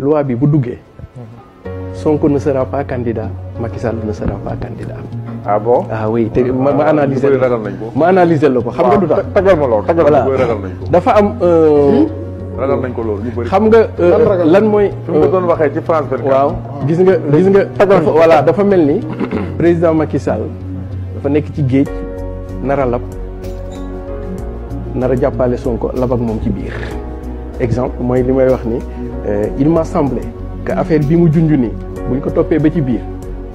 loi bi bu duggee Sonko ne sera pas candidat Macky Sall ne sera pas candidat. ah bon ah oui te ma ma ah, la ko xam nga du ah, tax. tagal ma lool nañ ko dafa am. Euh, hmm? ragal nañ ko loolu ñu xam nga euh, lan mooy. fi mu euh, doon waxee ci France waaw gis nga gis nga. tagal voilà dafa mel ni président Macky Sall dafa nekk ci géej nara a lab nar jàppale Sonko lab moom ci biir. exemple mooy li may wax ni euh, il m'a semblé que affaire bi mu junj nii bu ñu ko toppee ba ci biir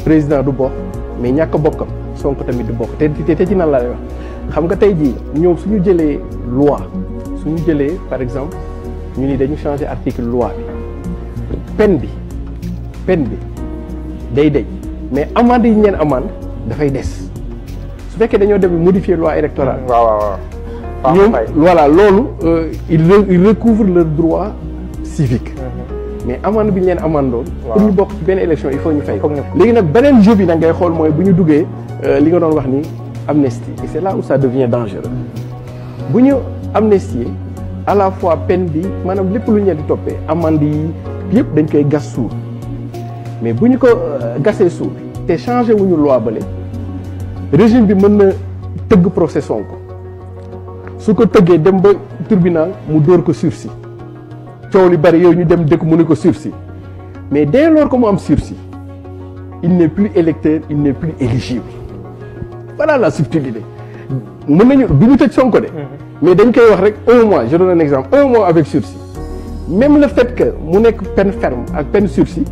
président du bokk mais ñàkk bokkam Sonko tamit du bokk te te te ci nan laay wax xam nga tey jii ñoom suñu jëlee loi suñu jëlee par exemple ñu ni dañu changer article loi bi bi peine bi day deñ mais amende yi ñu leen amende dafay des su fekkee dañoo dem modifier loi électorale ñoom voilà loolu euh, ils recouvrent leur droit civique mhm. mais amande bi ñu leen amandoon pour ñu bokk ci benn élection il faut ñu fay léegi nag beneen jeu bi nag ngay xool mooy bu ñu duggee euh, li nga doon wax ni amnistie et c'est là où ça devient dangereux bu ñu amnistier à la fois peine bi maanaam lépp lu ñu leen toppee amande yi yëpp dañ koy gas suuf mais bu ñu ko euh, gasee suuf te changé wuñu loi bale régime bi mën na tëgg procès Sonko su ko tëggee dem ba tribunal mu dóor ko sursis coow li bari yooyu ñu dem dëkk mu ne ko sursis mais dès lors ko mu am sursis il n'est plus électeur il n'est plus éligible voilà la subtilité mën nañu du ñu tëj Sonko de mm-hmm. mais dañ koy wax rek un mois je donne exemple un mois avec sursis le fait que mu nekk peine ferme ak peine sursis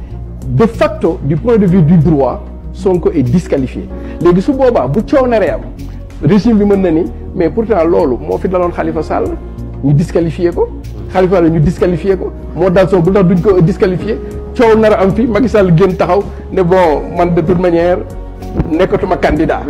de facto du point de vue du droit Sonko et disqualifié léegi su boobaa bu coow naree am régime bi mën na ni mais pourtant loolu moo fi daloon Khalifa Sall ñu disqualifié ko. Khalifa la ñu disqualifié ko moo dal son bu ndax duñ ko disqualifié coow nar a am fi Macky génn taxaw ne bon man de toute manière nekkatuma candidat.